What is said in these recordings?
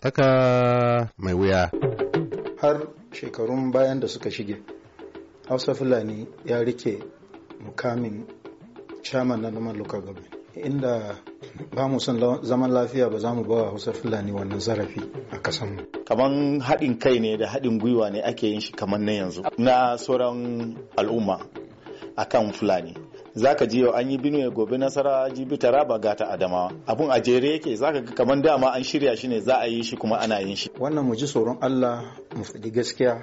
tsaka mai wuya har shekarun bayan da suka shige hausa fulani ya rike mukamin chairman na noman local government inda ba mu son zaman lafiya ba za mu bawa hausa fulani wannan zarafi a kasan Kamar haɗin kai ne da haɗin gwiwa ne ake yin shi kamar na yanzu na sauran al'umma akan fulani zaka ji yau an yi ya gobe nasara jibi taraba gata adamawa abun a jere yake zaka ga kamar dama an shirya shi ne za a yi shi kuma ana yin shi wannan mu ji tsoron Allah mu faɗi gaskiya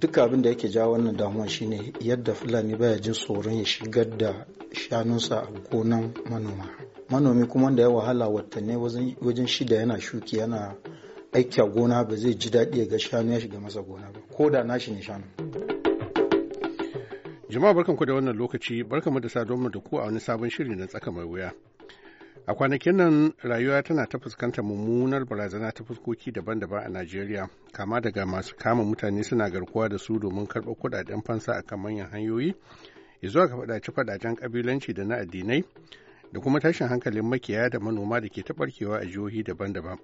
duk abin da yake jawo wannan damuwa shine yadda fulani baya jin tsoron ya shigar da shanunsa a gonan manoma manomi kuma da ya wahala watanni wajen shida yana shuki yana aiki a gona ba zai ji daɗi ya ga shanu ya shiga masa gona ba ko da nashi ne shanu Jama'a barkanku da wannan lokaci barkanmu da mu da ku a wani sabon shiri na tsaka mai wuya. A kwanakin nan rayuwa tana ta fuskantar mummunar barazana ta fuskoki daban-daban a Najeriya, kama daga masu kama mutane suna garkuwa da su domin karɓar kuɗaɗen fansa a kan manyan hanyoyi, zuwa ka faɗace-faɗacen ƙabilanci da na addinai, da kuma tashin hankalin makiya da manoma da ke taɓarkewa a jihohi daban-daban.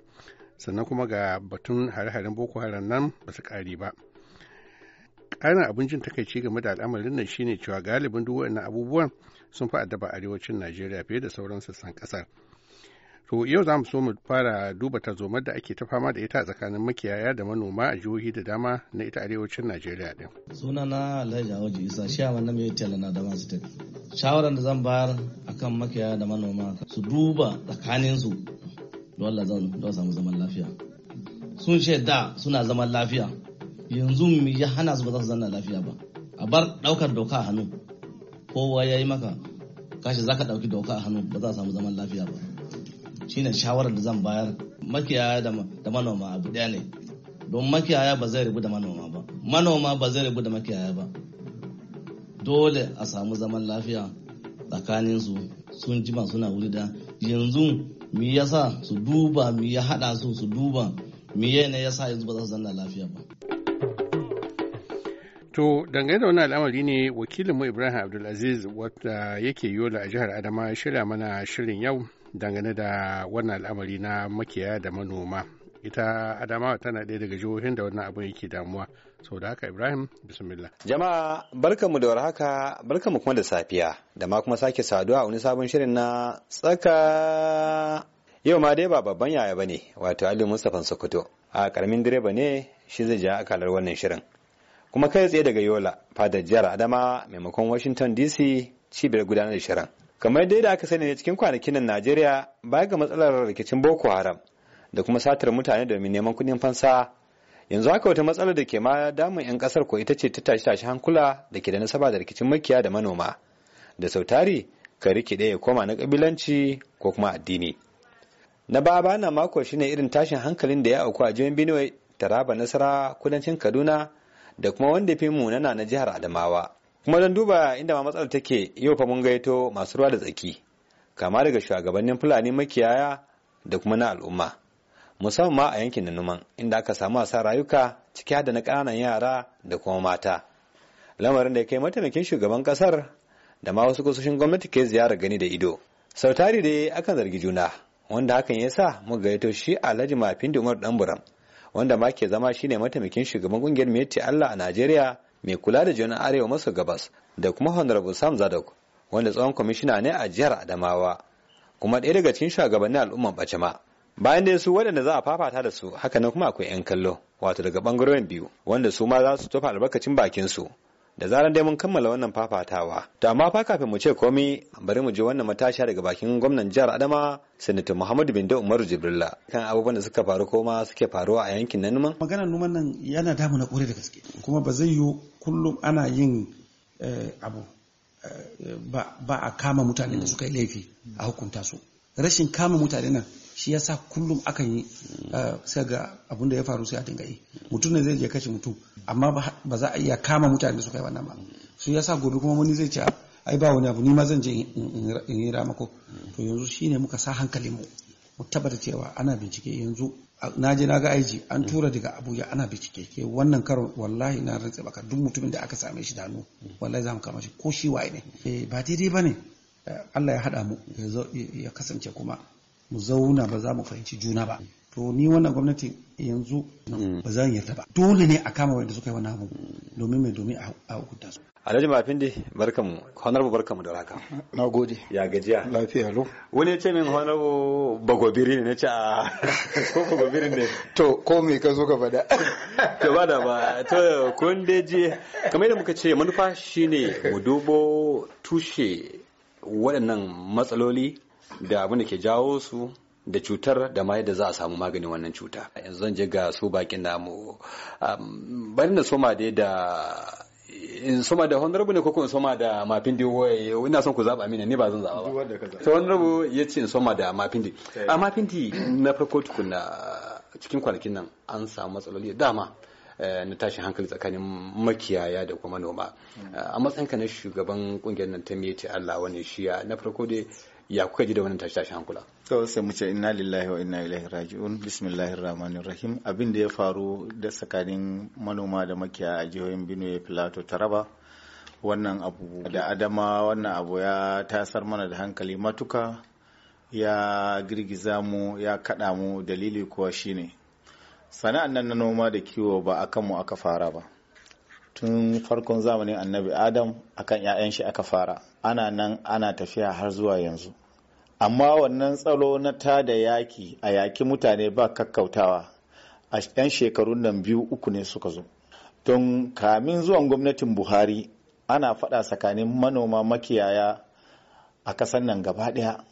Sannan kuma ga batun hare-haren Boko Haram nan ba su ƙare ba. ƙarin abin jin takaici game da al'amarin nan shine cewa galibin duk waɗannan abubuwan sun fi addaba arewacin najeriya fiye da sauran sassan ƙasar to yau za mu so mu fara duba tarzomar da ake ta fama da ita a tsakanin makiyaya da manoma a jihohi da dama na ita arewacin najeriya din suna na alhaji awaji isa shi a mai tela na dama su tafi shawaran da zan bayar akan makiyaya da manoma su duba tsakaninsu dole zan samu zaman lafiya sun ce suna zaman lafiya yanzu mu ya hana su ba za su zanna lafiya ba a bar daukar doka a hannu kowa ya yi maka kashi za ka dauki doka a hannu ba za a samu zaman lafiya ba shine shawarar da zan bayar makiyaya da manoma abu daya ne don makiyaya ba zai rabu da manoma ba manoma ba zai rabu da makiyaya ba dole a samu zaman lafiya tsakanin su sun jima suna wuri da yanzu mi yasa su duba mi ya hada su su duba mi ne yasa yanzu ba za su zanna lafiya ba To dangane da wani al'amari ne wakilinmu Ibrahim Abdulaziz wata yake yola a jihar Adama shirya mana shirin yau dangane da wannan al'amari na makiya da manoma. Ita Adamawa tana ɗaya daga jihohin da wannan abin yake damuwa. Sau da haka Ibrahim, bismillah. Jama'a barkanmu da warhaka, barkanmu kuma da safiya, da ma kuma sake saduwa a wani sabon shirin na tsaka. Yau ma dai ba babban yaya ba ne, wato Ali Mustapha Sokoto. A karamin direba ne shi zai ja akalar wannan shirin. kuma kai tsaye daga yola fadar jihar adama maimakon washington dc cibiyar gudanar da shirin kamar dai da aka sani ne cikin kwanakin nan najeriya baya ga matsalar rikicin boko haram da kuma satar mutane domin neman kuɗin fansa yanzu haka wata matsalar da ke ma damun 'yan kasar ko ita ce ta tashi tashi hankula da ke da nasaba da rikicin makiya da manoma da sautari ka rikide ya koma na kabilanci ko kuma addini na baba bana mako shine irin tashin hankalin da ya auku a jihohin benue taraba nasara kudancin kaduna da kuma wanda fi mu nana na jihar Adamawa. Kuma don duba inda ma matsalar take yau fa mun gaito masu ruwa da tsaki kama daga shugabannin Fulani makiyaya da kuma na al'umma. Musamman ma a yankin Nanuman inda aka samu asa rayuka ciki da na ƙananan yara da kuma mata. Lamarin da ya kai mataimakin shugaban ƙasar da ma wasu kusoshin gwamnati ke ziyarar gani da ido. Sautari dai akan zargi juna wanda hakan ya sa mu gaito shi Alhaji Mafindi Umar Ɗanburam wanda ma ke zama shine mataimakin shugaban kungiyar Meti Allah a Najeriya mai kula da jona arewa maso gabas da kuma Honorable Sam Zadok wanda tsohon kwamishina ne a jihar Adamawa kuma ɗaya daga cikin shugabannin al'umman ma. bayan dai su waɗanda za a fafata da su haka nan kuma akwai 'yan kallo wato daga ɓangarorin biyu wanda su ma za su tofa albarkacin bakin su da zaran dai mun kammala wannan fafatawa to amma fa kafin mu ce komai bari mu je wannan matasha daga bakin gwamnan jihar Adama sanata Muhammadu Bindo Umaru Jibrilla kan abubuwan da suka faru ko ma suke faruwa a yankin nan numan maganar numan nan yana damu na kore da gaske kuma ba zai yiwu kullum ana yin eh, abu eh, ba a kama mutane da suka yi laifi a hukunta su rashin kama mutane nan shi sa kullum akan yi eh, sai ga abin da ya faru sai a dinga yi mutum ne zai je kashe mutum amma ba za a iya kama mutane da suka yi wannan ba su sa gobe kuma wani zai ce ai ba wani abu ni ma zan je in yi ramako to yanzu ne muka sa hankalin mu mu tabbata cewa ana bincike yanzu na je na ga aiji an tura daga abuja ana bincike ke wannan karo wallahi na rantse baka duk mutumin da aka same shi da hannu wallahi za mu kama shi ko shi waye ne eh, ba daidai bane. Eh, Allah ya haɗa mu ya kasance kuma mu zauna ba za mu fahimci juna ba to ni wannan gwamnati yanzu hmm. ba zan yarda ba dole ne a kama wanda suka yi wannan abu domin mai domin a hukunta su Alhaji Mafindi barkamu honorable barkamu da raka na gode ya gajiya lafiya lo wani ya ce min honorable bagobiri ne ce a ah, ko bagobiri ne to ko me ka zo ka fada to ba da ba to kun deji kamar yadda muka ce manufa shine mu dubo tushe waɗannan matsaloli da abin da ke jawo su da cutar da ma yadda za a samu maganin wannan cuta yanzu zan je ga su bakin namu bari na soma dai da in soma da honorable ne ko in soma da mafindi ina son ku zaba mini ne ba zan zaba ba so honorable ya ce in soma da mafindi eh. a mafindi na farko tukuna cikin kwanakin nan an samu matsaloli dama eh, na tashin hankali tsakanin makiyaya da kuma noma hmm. eh, a matsayinka na shugaban kungiyar nan ta meti Allah wani shiya na farko dai ya kuka ji da wannan tashi tashi hankula to sai mu ce inna lillahi wa inna ilaihi raji'un bismillahir rahmanir rahim abin da ya faru da tsakanin manoma da makiya a jihohin Benue Plateau Taraba wannan abu da adama wannan abu ya tasar mana da hankali matuka ya girgiza mu ya kada mu dalili kuwa shine sana'an nan na noma da kiwo ba akan mu aka fara ba tun farkon zamanin annabi adam akan 'ya'yan shi aka fara ana nan ana tafiya har zuwa yanzu amma wannan tsaro na ta da yaki a yaki mutane ba kakkautawa a 'yan shekarun nan biyu uku ne suka zo don kamin zuwan gwamnatin buhari ana faɗa tsakanin manoma makiyaya a ƙasar nan gaba ɗaya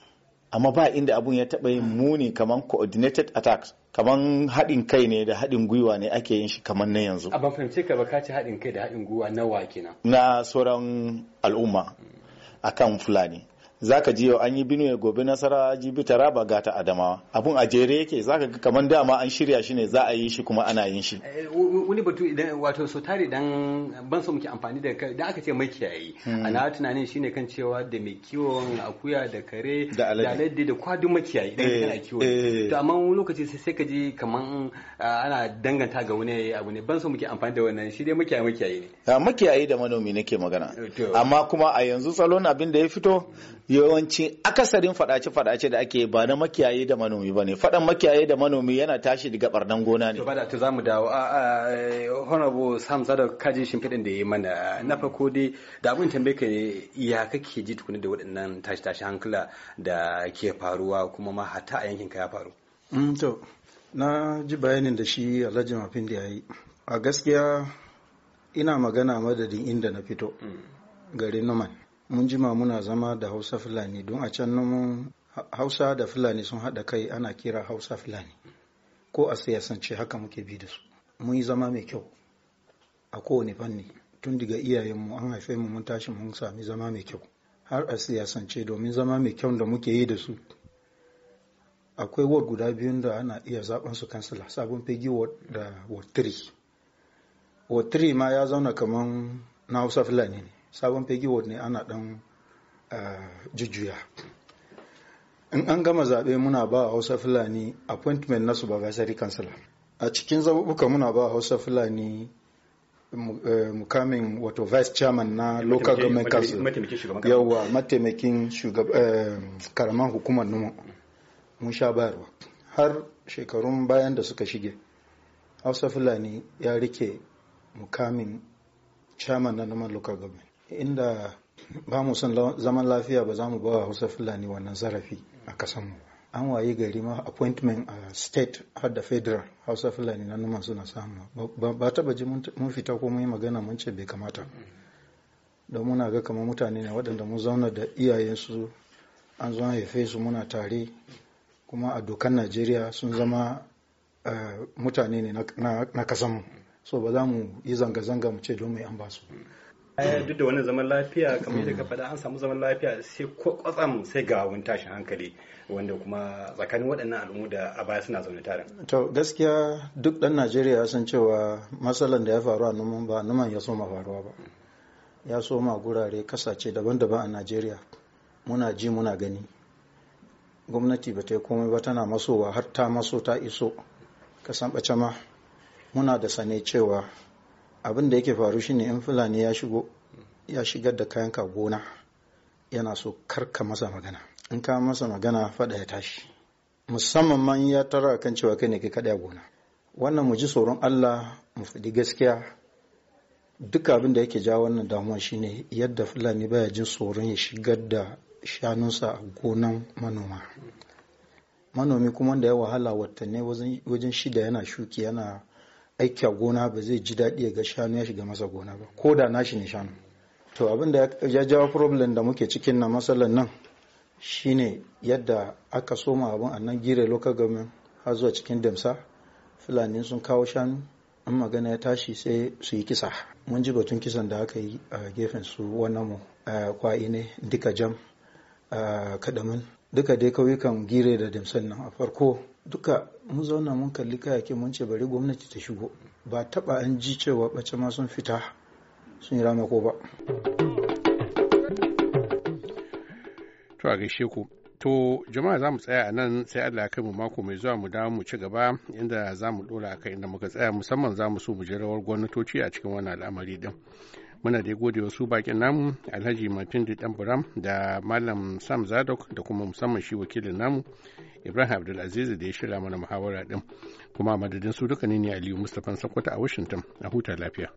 amma ba inda abun ya taɓa yin muni kamar coordinated attacks kamar haɗin kai ne da haɗin gwiwa ne ake yin shi kamar na yanzu. Abin ban fahimce ka ba ka ci haɗin kai da haɗin gwiwa na wa na. na sauran al'umma akan fulani zaka ji yau an yi Benue gobe Nasara jibi ga gata Adamawa abun a jere yake zaka ga kamar dama an shirya shi ne za a yi shi kuma ana yin shi eh, wani batu idan wato so tare dan ban so muke amfani da da aka ce makiyayi hmm. ana tunanin shine kan cewa da mai kiwon akuya da kare da alade da kwadun makiyayi dan eh, kana kiwo eh. to amma wani lokaci sai ka ji kaman ana danganta ga wani abu ne ban so muke amfani da wannan shi dai makiyayi makiyayi ne makiyayi da manomi nake magana amma kuma a yanzu salon abin da ya fito yawanci akasarin fadace-fadace da ake ba na makiyaye da manomi ba ne fadan makiyaye da manomi yana tashi daga barnan gona ne Ba da ta zamu dawo a honorable sam sada kaji shimfiɗin da ya mana na farko dai da abin tambaye ka ya kake ji tukuni da waɗannan tashi-tashi hankula da ke faruwa kuma ma hata a yankin ka ya faru mm, to na ji bayanin da shi alhaji mafin da ya yi a gaskiya ina magana madadin inda na fito mm. garin numan mun jima muna zama da hausa fulani don a can nan hausa da fulani sun haɗa kai ana kira hausa fulani ko a siyasance haka muke bi da su mun yi zama mai kyau a kowane fanni tun daga iyayenmu an haife mu mun tashi mun sami zama mai kyau har a siyasance domin zama mai kyau da muke yi da su akwai ward guda biyun da ana iya zaben su kansila sabon fegi da ward 3 ward 3 ma ya zauna kamar na hausa fulani ne sabon fegi ward ne ana dan eh, jujjuya in an gama zaɓe muna ba a hausa fulani appointment na supervisory councilor a cikin zaɓuɓɓuka muna ba a hausa fulani eh, mukamin wato vice chairman na local government council yawwa mataimakin eh, karaman hukumar numa mun sha bayarwa har shekarun bayan da suka shige hausa fulani ya rike mukamin chairman na numan local government inda ba mu son zaman lafiya ba za mu ba hausa fulani wannan zarafi a kasan mu an waye gari ma appointment a state har da federal hausa fulani na numan suna samu ba taba ji mun fita ko mun yi magana mun ce bai kamata don muna ga kamar mutane ne waɗanda mun zauna da iyayensu an zo haife su muna tare kuma a dokan najeriya sun zama eh, mutane ne na mu so ba za mu yi zanga-zanga mu ce don mai an ba su duk da wani zaman lafiya kamar yadda ka faɗa an samu zaman lafiya sai kwatsam sai ga wani tashin hankali wanda kuma tsakanin waɗannan al'ummu da a baya suna zaune tare. to gaskiya duk ɗan najeriya ya san cewa matsalar da ya faru a numan ba numan ya soma faruwa ba ya soma gurare kasace daban-daban a najeriya muna ji muna gani gwamnati ba ta yi komai ba tana masowa har ta maso ta iso kasan ɓace ma muna da sane cewa abin da yake faru shine in fulani ya shigo ya shigar da kayanka gona yana so karka masa magana in ka masa magana fada ya tashi musamman ma ya tara kan cewa kai ne kai kada gona wannan mu ji tsoron Allah mu fadi gaskiya duk abin da yake ja wannan damuwa shine yadda fulani baya jin tsoron ya shigar da shanunsa a gonan manoma manomi kuma da ya wahala watanni wajen shida yana shuki yana aiki a gona ba zai ji daɗi ga shanu ya shiga masa gona ba ko da nashi ne shanu to abin da ya jawo problem da muke cikin na matsalar nan shine yadda aka soma abin a nan gire local government har zuwa cikin damsa fulani sun kawo shanu in magana ya tashi sai su yi kisa mun ji batun kisan da aka yi a gefen su wannan mu kwa'i ne duka jam kadamin duka dai kauyukan gire da damsan nan a farko duka mun zauna mun kalli kayakin mun ce bari gwamnati ta shigo ba taba an ji cewa bace ma sun fita sun yi rama ko ba to a gaishe ku to jama'a za mu tsaya a nan sai Allah kai mu mako mai zuwa mu dawo mu ci gaba inda za mu dora kai inda muka tsaya musamman za mu so mu ji rawar gwamnatoci a cikin wannan al'amari din muna da gode wasu bakin namu alhaji martin dan buram da malam sam zadok da kuma musamman shi wakilin namu ibrahim abdulaziz da ya shirya mana muhawara din kuma madadin su duka ne aliyu mustapha sakwata a washington a huta lafiya